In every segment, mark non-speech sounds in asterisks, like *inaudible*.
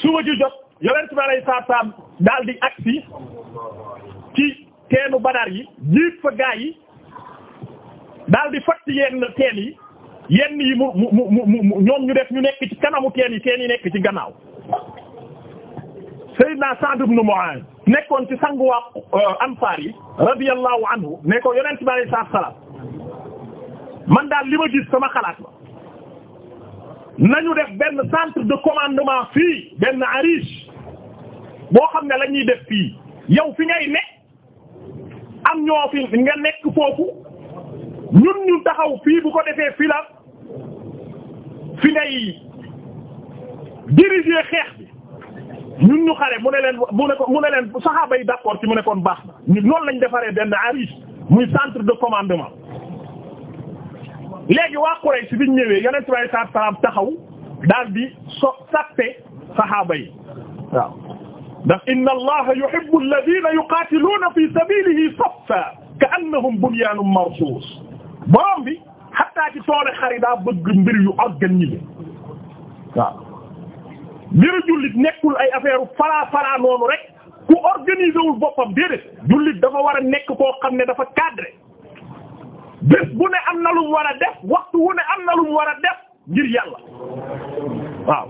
suba ji jot yonent bi alayhi salaatu salaam daal di agsi ci teenu Badar yi jiit fa yi daal di fatt yenn teen yi yenn yi mu mu mu mu ñoom ñu def ñu nekk ci kanamu teen yi teen yi nekk ci gannaaw Sayyidina Sa'd ibn Mu'adh nekkoon ci sangu euh, ansaar yi radiyallahu anhu ne ko bi alayhi salaatu salaam man daal li ma gis sama xalaat la nañu def benn centre de commandement fii benn arish boo xam ne lañuy def fii yow fi ngay ne am ñoo fi nga nekk foofu ñun ñu taxaw fii bu ko defee fii la fi ngay diriger xeex bi ñun ñu xare mu ne leen mu ne ko mu ne leen saxaaba yi d'accord ci mu ne baax na ñu loolu lañ defaree benn arish muy centre de commandement léegi waa Quraysh biñ ñëwee yonent bi saa salaam taxaw daal di so sappe saxaaba yi waaw ndax inna allaha yuhibbu alladhina yuqatiluuna fi sabilihi saffa ka'annahum bunyanun marsus borom bi xataa ci toole xari daa bëgg mbir yu organisé waaw mbiru jullit nekkul ay affaire falaa falaa noonu rek ku organisé wul boppam déedéet jullit dafa war a nekk koo xam ne dafa cadré bés bu ne am na lu mu war a def waxtu wu ne am na lu def ngir yàlla waaw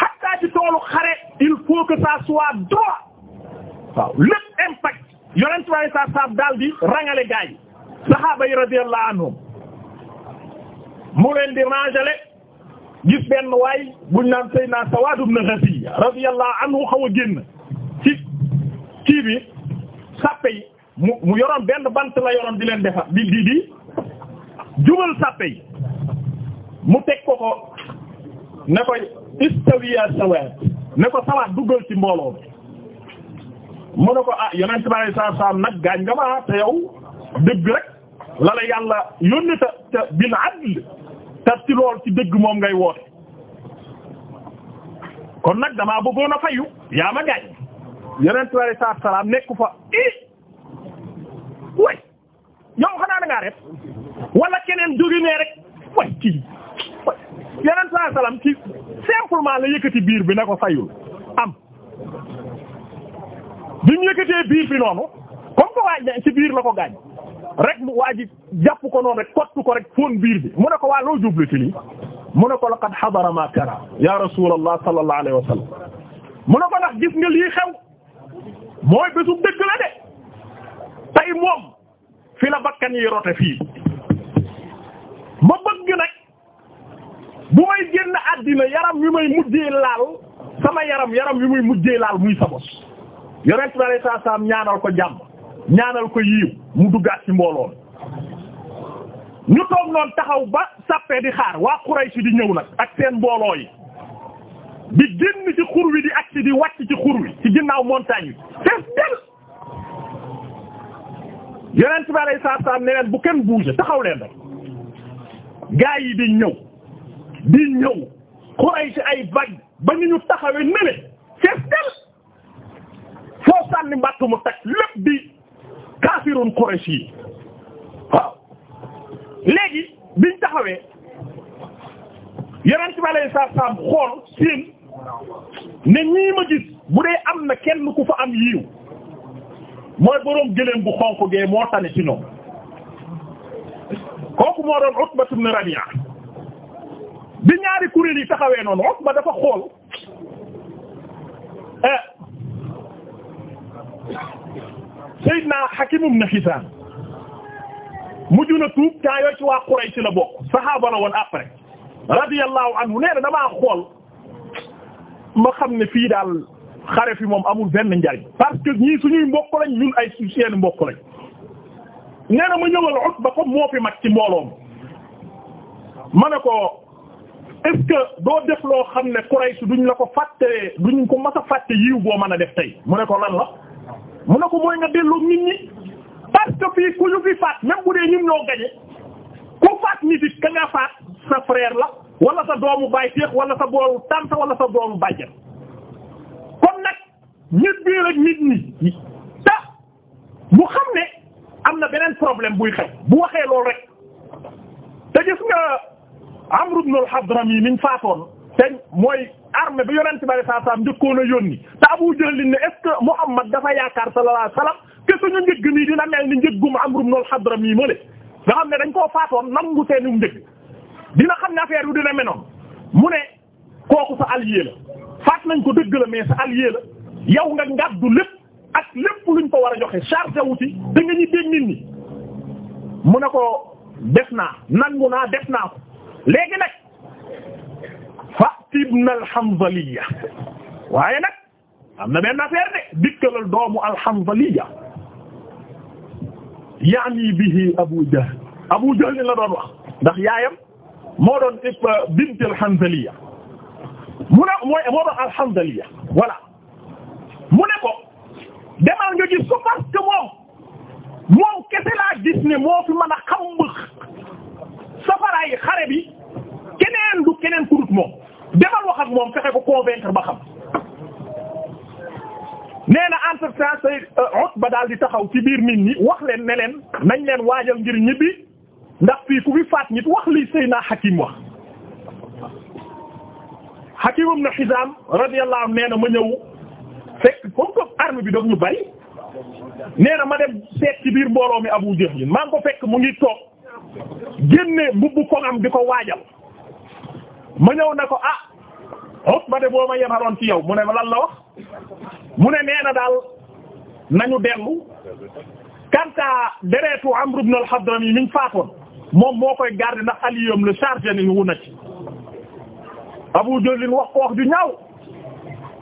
xataa ci toolu xare il faut que ça waaw lépp impact yonent waaye sa saab daal di rangale gaa yi saxaaba anhum mu leen di gis benn waay buñ naan Seydina Sawaad ibn Ghaziya radiyallahu anhu xaw a génn ci kii bi sàppe yi mu mu yoroon benn bant la yoroon di leen defar di di di jubal sàppe mu teg ko ko ne ko istawiya sawaat ne ko sawaat duggal ci mbooloo bi mu ne ko ah yonent bi sallallahu alayhi nag gaañ nga ma te yow dëgg rek la la yàlla yónni ta ta bil adl te ci lool ci dëgg moom ngay woote kon nag damaa bëggoon a fayu yaa ma gaañ yonent bi sallallahu alayhi nekku fa i eh, yow xanaa da ngaa rek wala keneen jóge ne rek way kii yeneen saa salaam ci simplement la yëkkati biir bi na ko fayul am bi mu yëkkatee biir bi noonu comme ko waaj ne ci biir la ko gaañ rek waa ji jàpp ko noonu rek kottu ko rek fóon biir bi mu ne ko waa loo jublu ci lii mu ne ko laqad hadara ma tara ya rasulallah sallallahu alayhi wa sallam mu ko ndax gis nga lii xew mooy bésub dëgg la de tey moom fi la bakkan yi rote fii ma bëgg nag bu may génn àddina yaram wi may mujjee laal sama yaram yaram wi muy mujjee laal muy sa bos yonent bi salaam ñaanal ko jàmm ñaanal ko yiiw mu duggaat ci mbooloo ñu toog noonu taxaw ba sàppe di xaar waa Quraysh di ñëw nag ak seen mbooloo yi di génn ci xur wi di agsi di wàcc ci xur wi ci ginnaaw montagne bi fees del yonent bi alayhi salaatu salaam ne leen bu kenn bouger taxaw leen rek gaa yi di ñëw di ñëw Quraysh ay baj ba ñu ñu taxawee nele fees del foo sànni mbàtt mu teg lépp di kaafirun Quraysh yi waaw léegi biñ taxawee yonent bi alayhi salaatu salaam xool seen ne ñii ma gis bu dee am na kenn ku fa am yiw mooy boroom gëléem bu xonq gee moo tane ci ñoom kooku moo doon Utba ibn Rabi'a bi ñaari kuréel yi taxawee noonu Utba dafa xool eh Seydina Hakim ibn Hizam mujj na tuub temps yooyu ci waa Quraysh la bokk saxaaba la woon après radiyallahu anhu nee na damaa xool ma xam ne fii daal xare fi moom amul benn njariñ parce que nii ñii suñuy mbokk lañ ñun ay seen mbokk lañ nee na ma ñëwal Utba comme moo fi mag ci mbooloom ma ne ko est-ce que doo def loo xam ne Quraysh duñ la ko fàttee duñ ko mas a fàtte yiw boo mën a def tey mu ne ko lan la mu ne ko mooy nga delloo nit ñi parce que fii ku ñu fi faat même bu dee ñun ñoo gañe ku faat nit it ka nga faat sa frère la wala sa doomu baay teex wala sa boolu tànt wala sa doomu bàjjen ñët bii rek nit ñi ta mu xam ne am na beneen problème buy xew bu waxee loolu rek te gis nga Amr ibn al-Hadrami niñ faatoon te mooy armée bi yonent bi sallallahu alayhi wasallam njëkkoon a yónni te Abu Jahl ne est-ce que Muhammad dafa yaakaar sallallahu alayhi wasallam ke suñu njëgg nii dina mel ni njëggum Amr ibn al-Hadrami ma le nga xam ne dañ koo faatoon nangu seenu njëgg dina xam ne affaire yu dina menoon mu ne kooku sa allié la faat nañ ko dëgg la mais sa la yow nga bu lépp ak lépp luñ ko war a joxe chargé wu ci da nga ñu dégg mu ne ko def naa nangu naa def naa ko léegi nag fatibna alhamdaliya waaye nag am na benn affaire de dikkalal doomu alhamdaliya yaani bihi abu jahl abu jahl la doon wax ndax yaayam moo doon eh, bint alhamdaliya mu ne mooy mu ne ko demal nga gis ko parce moom moom kese laa gis ne moo fi mën a xam safaraay xare bi keneen du keneen ku dut moom demal wax ak moom fexe ko convaincre ba xam. nee na entre temps Sayyid euh, Utba daal di taxaw ci biir nit ñi wax leen ne leen nañ leen waajal ngir ñibbi ndax fii ku fi faat nit wax li Seydina Hakim wax. Hakim ibn Hizam radiyallahu anhu nee na ma ñëw. fekk comme que arme bi doog ñu bari nee na ma dem seet ci biir mbooloo mi Abu Jahl maa ngi ko fekk mu ngi toog génne mbubb ko am di ko waajal ma ñëw na ko ah Utba de boo ma yemaloon ci yow mu ne lan la wax mu ne nee na daal nañu dellu kanta deretu Amr ibn al-Hadrami faatoon moom moo koy garder ndax aliyom le chargé ni wu ci Abu Jahl wax ko wax ju ñaaw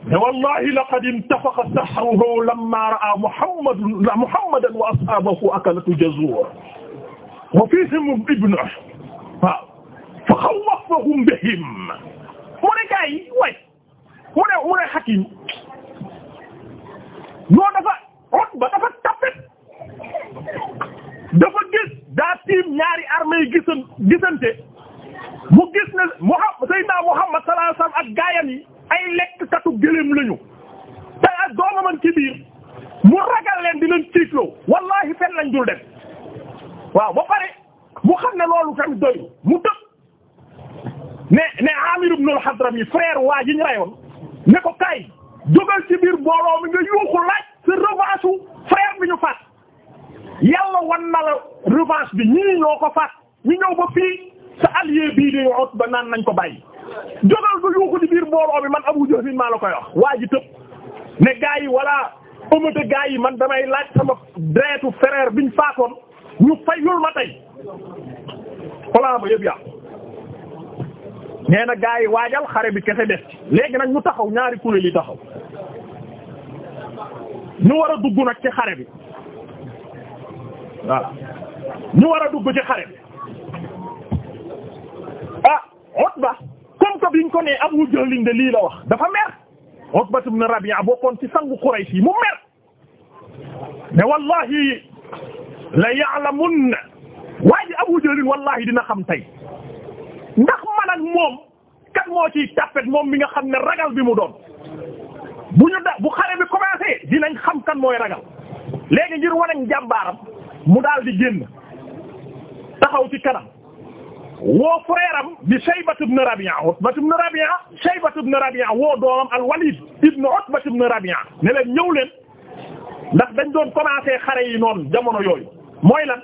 ne wallahi laqad intafaxa sahruhu lamma ra'a Muhammadan Muhammadan wa ashaabahu akalatu jazuur wa fiihim ibnuhu waaw fa xawwafahum bihim mu ne gars yi waay mu ne mu ne Hakim ñoo dafa Utba dafa tapet dafa gis daa tiim ñaari armée yi gisan gisante mu gis ne Muhammad Seydina Muhammad sallallahu alayhi wa sallam ak gaayam yi ay lekk katu gëléem lañu te ak doomaman ci biir mu ragal leen di leen tiitloo wallahi fen lañ dul dem waaw ba pare mu xam ne loolu tamit doyul mu tëb ne ne Amir ibn al-Hadrami frère waa ji reyoon ne ko kay jógal ci biir mbooloo mi nga yuuxu laaj sa revanche frère bi ñu faat yàlla wan na revanche bi ñii ñoo ko faat ñu ñëw ba fii sa allié bii di Utba naan nañ ko bàyyi jogal ba yuuxu di biir mbooloo mi man Abu Jahl maa la koy wax waa ji tëb ne gaa yi walla ëmmate gaa yi man damay laaj sama deretu frère biñ faatoon ñu fayul ma tey xoolaa ba ne na gaa yi waajal xare bi kese des ci léegi nag ñu taxaw ñaari kuréel yi taxaw ñu war a dugg nag ci xare bi voilà war a dugg ci xare bi ah comme que biñ ko nee Abu Jahl de lii la wax dafa mer Utba ibn Rabi'a bokkoon ci sangu Quraysh yi mu mer mais wallahi la ya'lamun waaye ji Abu Jahl wallahi dina xam tey ndax man ak moom kat moo ciy tapet moom mi nga xam ne ragal bi mu doon bu ñu da bu xare bi commencé dinañ xam kan mooy ragal léegi ngir wane njàmbaaram mu daal di génn taxaw ci kanam woo frère am di Shaybat ibn Rabi'a Utbat ibn Rabi'a Shaybat ibn Rabi'a woo doomam al-Walid ibn Utbat ibn Rabi'a ne leen ñëw leen ndax dañ doon commencer xare yi noonu jamono yooyu mooy lan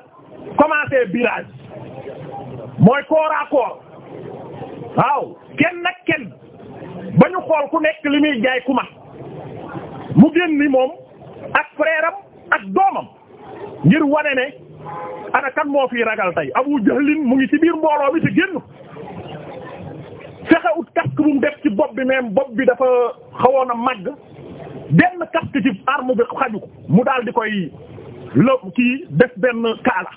commencer birage mooy corps à waaw kenn nag kenn ba ñu xool ku nekk li muy jaay ku ma mu génn ni moom ak frère ak doomam ngir wane ne. ana kan moo fi ragal tey Abu Jahlin mu ngi ci biir mbooloo mi ci génn fexe ut casque bu mu def ci bopp bi même bopp bi dafa xawoon a màgg benn casque ci arme bi xaju ko mu daal di koy lo kii def benn kaala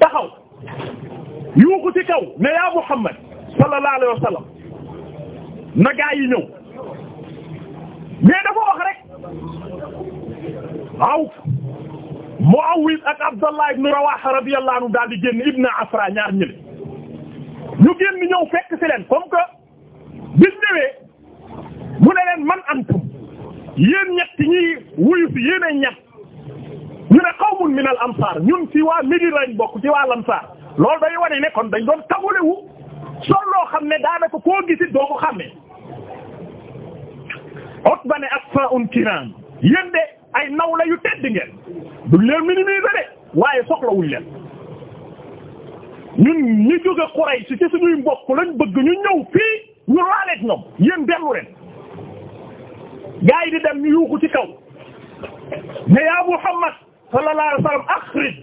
taxaw yuuxu ci kaw ne yaa Muhammad sallallahu alayhi na gaa yi ñëw mais dafa wax rek waaw. Muawwiz ak Abdallah ibn Rawaha radiyallahu anhu daal di génn Ibn Afra ñaar ñële ñu génn ñëw fekk ci leen comme que bis mu ne leen man antum yéen ñett ñi wuyu ci yéen ay ñett ñu ne qawmun min al ansar ñun ci waa Médina lañ bokk ci waa Lansar loolu day wane ne kon dañ doon tagulewu sol xam ne daanaka koo gisit doo ko xàmmee Utba ne kiram yéen de ay naw la yu tedd ngeen duñ leen minimiser de waaye soxlawuñ leen ñun ñi jóge Quraysh ci suñuy mbokk lañ bëgg ñu ñëw fii ñu laaleeg ñoom yéen dellu leen gaa yi di dem ñu yuuxu ci kaw ne yaa Muhammad sallallahu wa sallam akhrij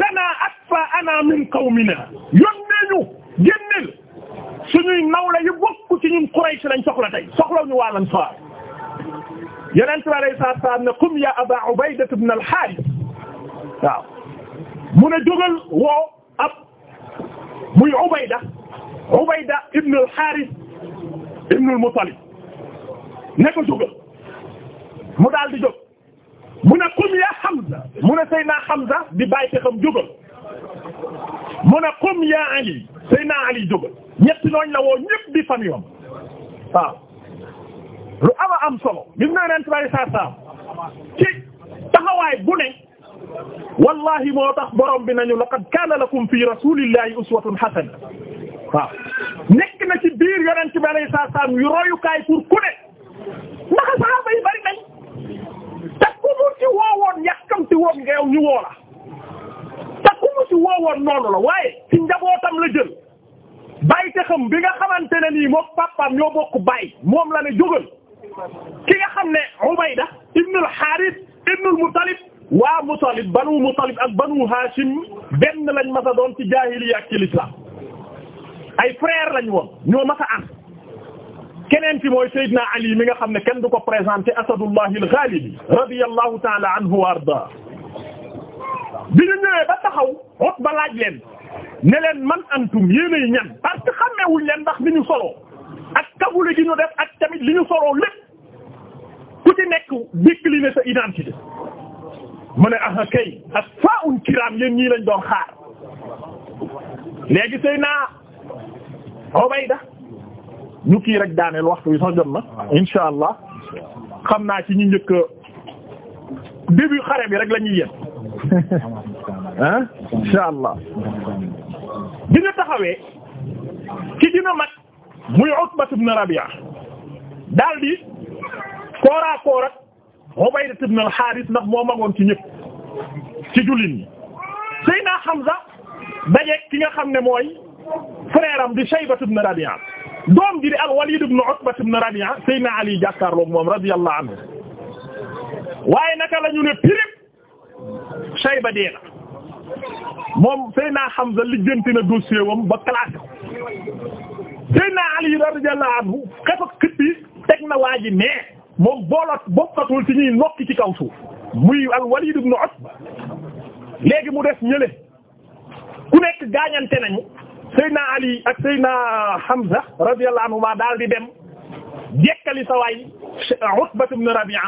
lanaa akfaa'anaa min qawminaa yónnee ñu génneel suñuy nawle yu bokk ci ñun Quraysh lañ soxla tey soxlawuñu waa Ansaar yeneen bi alayhi salaatu salaam ne qum ya aba Ubayda ibn al-Haaris waaw mu ne jógal woo ab muy Ubayda Ubayda ibn al-Haaris ibn al-Muttalib ne ko jógal mu daal di jóg mu ne qum ya Hamza mu ne Seyna Hamza di bàyyi xam jógal mu ne qum ya Ali Seyna Ali jógal ñetti ñooñ la woo ñëpp di fan yoon waaw. lu ama am solo gis nga ren tubaab saa ci taxawaay bu ne wallahi moo tax borom bi nañu laqad kaana lakum fi rasulillahi uswatun hasana waaw nekk na ci biir yonent bi alayhi salaam yu royukaay pour ku ne ndax saxaaba yi bari nañ te ci woowoon yàkkamti woon nga yow ñu woo la te ku ci woowoon noonu la waaye ci njabootam la jël bàyyi te xam bi nga xamante ne nii moom papaam ñoo bokk moom la ne jógal ki nga xam ne Ubayda ibn al-Harith ibn al-Muttalib waa Muttalib banu Muttalib ak banu Hashim benn lañ masa doon ci jaahiliya ak ci l'islam ay frère lañ woon ñoo masa am keneen fi mooy Seydina Ali mi nga xam ne kenn du ko présenté Asadullah al-Ghalib radiyallahu ta'ala anhu wa arda bi ñu ñëwee ba taxaw Utba leen ne leen man antum yéenay ñan parce que xamewuñ leen ndax li ñu soloo ak kawule gi ñu def ak tamit li ñu soloo lépp identité mu ne aha kay ak faa un ñii lañ doon xaar léegi sëy naa Ubayda ñu kii rek daaneel waxtu wi sax jot na insha xam naa ci ñu njëkk début xare bi rek la ñuy yéen *laughs* ah insha taxawee ki dina mag muy Utbat ibn Rabi'a daldi koora koora Ubayda ibn al-Haaris ndax moo magoon ci ñëpp ci jullit ñi Seydina Hamza dajeek ki nga xam ne mooy frère am di Shayba ibn Rabi'a doom ji di al-Walid ibn Utba ibn Rabi'a Seydina Ali jàkkaarloog moom radiyallahu anhu waaye naka la ñu ne pirip Shayba dee na moom Seydina Hamza lijjanti na dossier wam ba classé Seydina Ali radiyallahu anhu xefak xippi teg na waa ji nee moom boolaat bokkatul ci ñuy nokki ci kaw suuf muy al Walid Utba léegi mu des ñële ku nekk gaañante nañu Seydina Ali ak Seydina Hamza radiyallahu anhuma daal di dem jekkali sa waay Utba ibn Rabi'a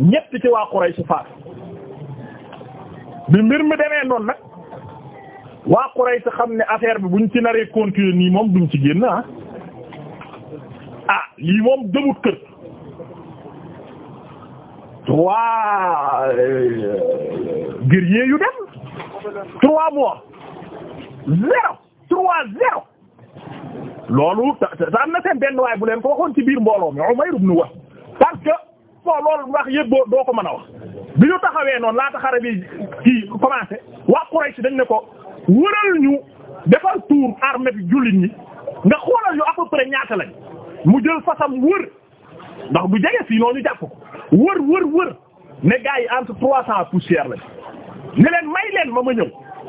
ñett ci waa Quraysh faat bi mbir mi demee noonu nag waa Quraysh xam ni affaire bi buñ ci naree continuer nii moom duñ ci génn ah lii moom dëmut kër trois euh, euh, guerriers yu dem trois mois zéro trois zéro loolu ta am na seen benn waay bu leen ko waxoon ci biir mbooloo mi Umayr ibn Wahb parce que bon loolu wax yëpp boo doo ko mën a wax bi ñu taxawee noon laata xare bi kii commencé waa Quraysh dañ ne ko wëral ñu defal tour armée bi jullit ñi nga xoolal yu à peu près ñaata lañ mu jël fasam wër ndax du jege fii noonu jàpp ko wër wër wër yi entre trois cent poussière la may leen ma ma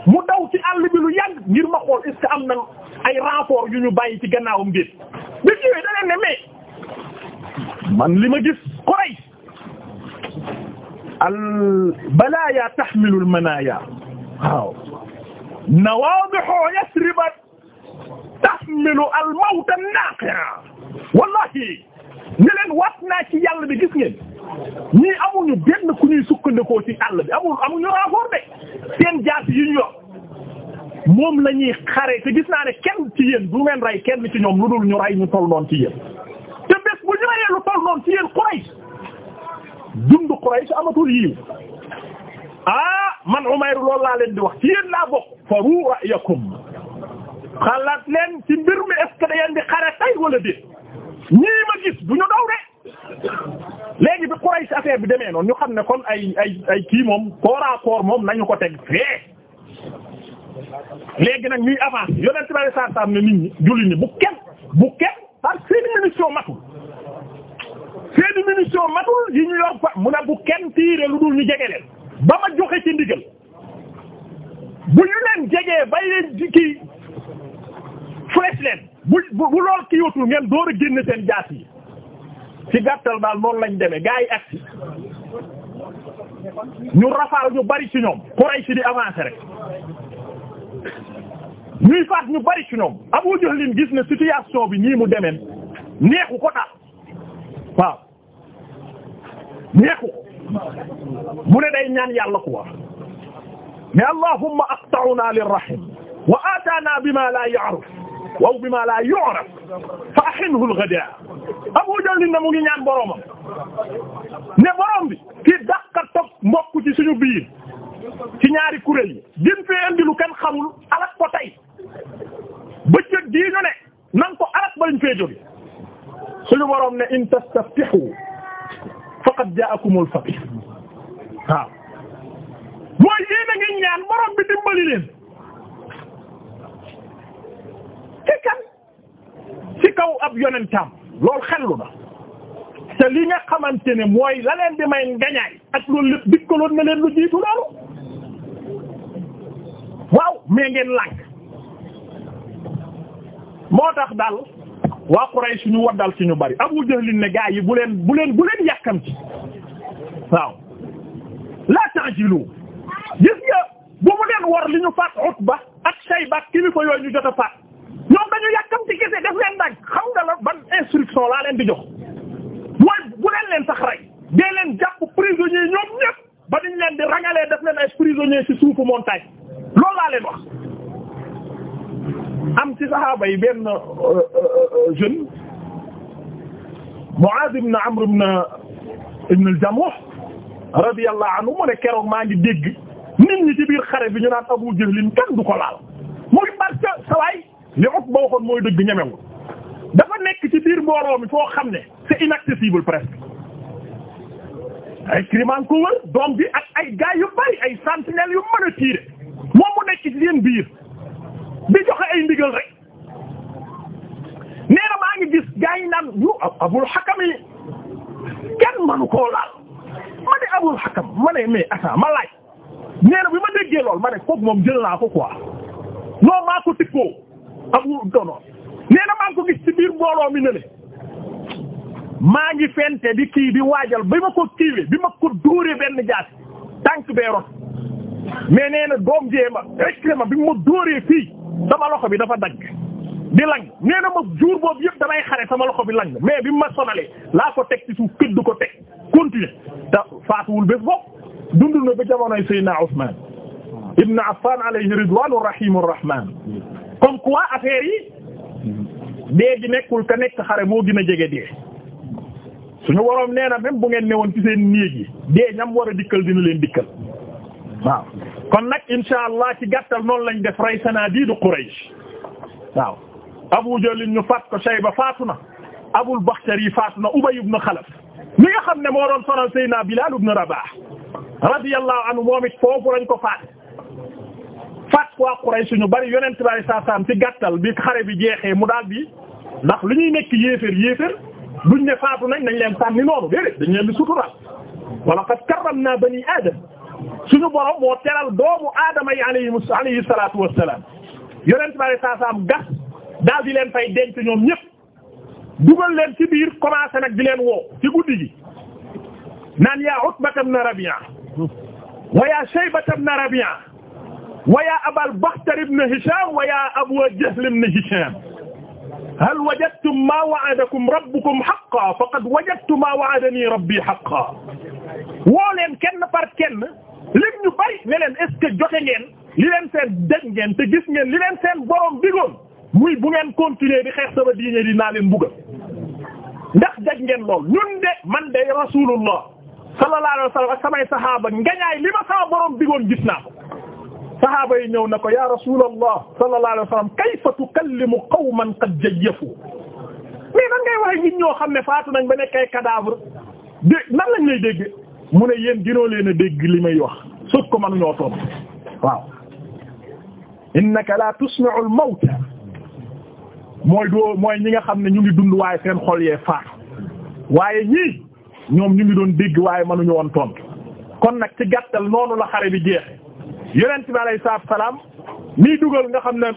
mu daw ci àll bi lu yàgg ngir ma xool est-ce am na ay renfort yu ñu bàyyi ci gannaawam géej bi ñëwee da leen ne mais man li ma gis Quraysh al balaya tahmilu al manaya waaw nawaadihu Yasriba tahmilu al mawta an-naqi' wallahi ne leen wat ci yàlla bi gis ngeen ñii amuñu benn ku ñuy sukkandikoo ci àll bi amul amuñu rapport de seen jaas yi ñu yor moom la ñuy xare te gis naa ne kenn ci yéen du ngeen rey kenn ci ñoom lu dul ñu rey ñu toll noonu ci yéen te bés bu ñu reyee lu toll noonu ci yéen Quraysh dund Quraysh amatul yiiw ah man Umayr loolu laa leen di wax ci yéen laa bokk faru ra'yakum xalaat leen ci mbir mi est-ce di xare tay wala déet ñii ma gis du ñu daw de léegi bi Quraysh affaire bi demee noonu ñu xam ne kon ay ay kii moom corps à moom nañu ko teg fee léegi nag ñuy avance yonent bi saa saa am ne nit ñi julli ni bu kenn bu kenn parce que seeni matul seeni munition matul yi ñu yor fa mu ne bu kenn tiire lu dul ñu jege leen ba ma joxe ci ndigal bu ñu leen jegee bay leen kii flèche leen bu bu lool ki yotul ngeen door a génne seen jaas yi ci gàttal daal noonu lañ demee gaa yi agsi ñu rafaal ñu bari ci ñoom Quraysh di avancer ñuy faat ñu bari ci ñoom Abu Jahl gis ne situation bi nii mu demeen neexu ko daal waaw neexu ko mu ne day ñaan yàlla ku wax mais allahumma aqta'na lirrahim wa atana bima la ya'ruf waw bi ma la yu'raf fa ahinhu al-ghadaa Abu Jahl na mu ngi ñaan boromam ne borom bi ki dàqa toog ci suñu biir ci ñaari kuréel yi gën fee indi lu xamul alak ko tey bëccëg gii ne nan ko alak fee jóge suñu borom ne in tastaftihu faqad jaa'akumul fatih waaw mooy yéen a ngi ñaan borom bi dimbali ci kan ci kaw ab yonentam loolu xellu na te li nga xamante ne mooy la leen di may ngañaay ak loolu lépp dikkaloon na leen lu jiitu loolu waaw mais ngeen lànk moo tax daal waa Quraysh ñu waddal ci ñu bari Abu Jahl ne gaa yi bu leen bu leen bu leen yàkkam ci waaw la ta'jilu gis nga bu mu leen war li ñu faat Utba ak Shayba kilifa yooyu ñu jot a faat bañu yàkkamti kese def leen nag xam nga la ban instruction laa leen di jox mooy bu leen leen sax rey dee leen jàpp prisonniers ñoom ñëpp ba duñ leen di rangalee def leen ay prisonniers ci suufu montagne loolu laa leen wax am ci saxaaba yi benn euh, euh, euh, jeune Mu'aaz ibn Amr ibn ibn al-Jamuh radiyallahu mu ne keroog maa ngi dégg nit ñi ci biir xare bi ñu naan Abu Jahlin kenn du ko laal muy barke sawaay li Utba waxoon mooy dëgg ñemewul dafa nekk ci biir mbooloo mi foo xam ne c'est inaccessible presque ay criman ko wër doom bi ak ay gaay yu bari ay sentinelles yu mën a tirer moom mu nekk ci biir di joxe ay ndigal rek nee maa ngi gis gaay yi naan yu Abul Hakam yi kenn mënu koo laal ma Abul Hakam ma ne mais attends ma laaj nee bi ma déggee lool ma ne kooku moom jël naa ko quoi non maa ko tikkoo amul dono nee na maa ngi biir mbooloo mi ne ngi fente di kii di waajal bi ma ko kiiwe bi ma ko dóoree benn jaat tànk bee rot mais nee na doom jee ma rek ma bi ma dóoree fii sama loxo bi dafa dagg di lang nee na ma jour boobu yëpp damay xare sama loxo bi lang mais bi ma sonalee laa ko teg ci suuf këdd ko teg continuer te faatuwul bés bopp dundul na ba jamonoy Seydina Ousmane ibn Affan alayhi ridwanur rahimur rahman kon quoi affaire yi dee di nekkul ka nekk xare moo gin a jege dee suñu waroom nee na même bu ngeen newoon ci seen néeg yi dee ñam war a dikkal dina leen dikkal waaw kon nag insha allah ci gàttal noonu lañ def rey sanadiidu Quraysh waaw Abu Jahl ñu faat ko Shayba faatu na Abul Bakhtari faatu na Ubay ibn Khalaf mi nga xam ne moo doon sonal Seydina Bilal ibn Rabah radiyallahu anhu moom foofu lañ ko faat ak waa Quraysh ñu bari yonent bi saa saam ci gàttal bi xare bi jeexee mu daal bi ndax li ñuy nekk yéeféer yéeféer duñ ne faatu nañ dañ leen sànni noonu déedéet dañ leen di sutural wala naa karramna bani aadama suñu borom moo teral doomu aadama yi alayhimu alayhi salaatu wassalaam yonent bi saa saam gas daal di leen fay denc ñoom ñëpp dugal leen ci biir commencé nag di leen woo ci guddi gi naan yaa Utbata ibn Rabi'a wa yaa Shaybata ibn Rabi'a wa yaa abal Baxtar ibn Hisham wa yaa Abu Jahl ibn Hisham hal wajadtum maa wa'adakum rabbukum haqqan faqad wajadtu maa wa'adanii rabbii haqqan woo leen kenn par kenn léegi ñu bari ne leen est-ce que joxe ngeen li leen seen dégg ngeen te gis ngeen li leen seen borom digoon muy bu ngeen continuer di xeex sama diine di naa leen buggal ndax dégg ngeen lool ñun de man de rasulullah sallallahu alayhi wa sallam ak samay saxaaba ngañaay li ma sama borom digoon gis naa ko. saxaaba yi ñëw na ko ya rasulallah sallallahu alayhi wa sallam kayfa tukallimu qawman qad jayyafu ñoo xam ne faatu nañ ba nekk ay cadavre dé lañ lay dégg mu ne yéen ginoo leen a dégg li may wax suuf ko man ñoo toog waaw innaka la tusmi'u al-mawta mooy doo mooy ñi nga xam ne ñu ngi dund waaye seen xol yee faatu waaye ñii ñoom ñu ngi doon dégg waaye mënuñu tontu kon nag ci gàttal noonu la xare bi jeexe yonent bi alayhi salaatu salaam miy dugal nga xam ne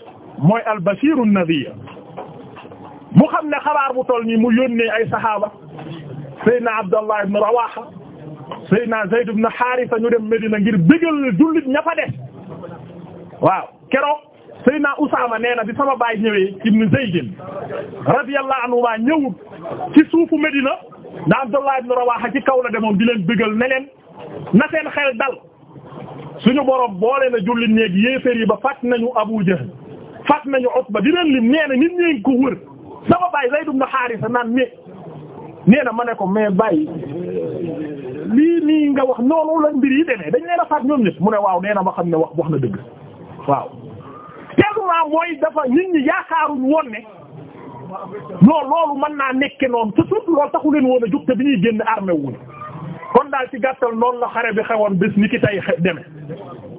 mooy al-bashiru an-nadhir mu xam ne xabaar bu toll nii mu yónnee ay saxaaba Seydina Abdallah ibn Rawaha Seydina Zayd ibn Haarisa ñu dem Medina ngir bégal jullit ña fa des waaw keroog Seydina Usaama nee na bi sama baay ñëwee ibn Zayd radiyallahu anhu maa ñëwut ci suufu Medina na Abdallah ibn Rawaha ci kaw la demoon di leen bégal ne leen na seen xel dal. suñu borom boole na jullit ñeeg yéeféer yi ba fàtt nañu Abu Jahl fàtt nañu Utba di leen lim nee na nit ñee ngi ko wër sama baay Zayd ibn Haarisa naan mais nee na ma ne ko mais bàyyi lii nii nga wax noonu la mbir yi demee dañ leen a fàtt ñoom ñëpp mu ne waaw nee na ma xam ne wax wax na dëgg waaw tellement mooy dafa nit ñi yaakaaruñ woon ne non loolu mën naa nekke noonu te surtout loolu taxu leen woon a jóg bi ñuy génn armé wuñ kon daal ci gàttal noonu la xare bi xewoon bés ni ki tey deme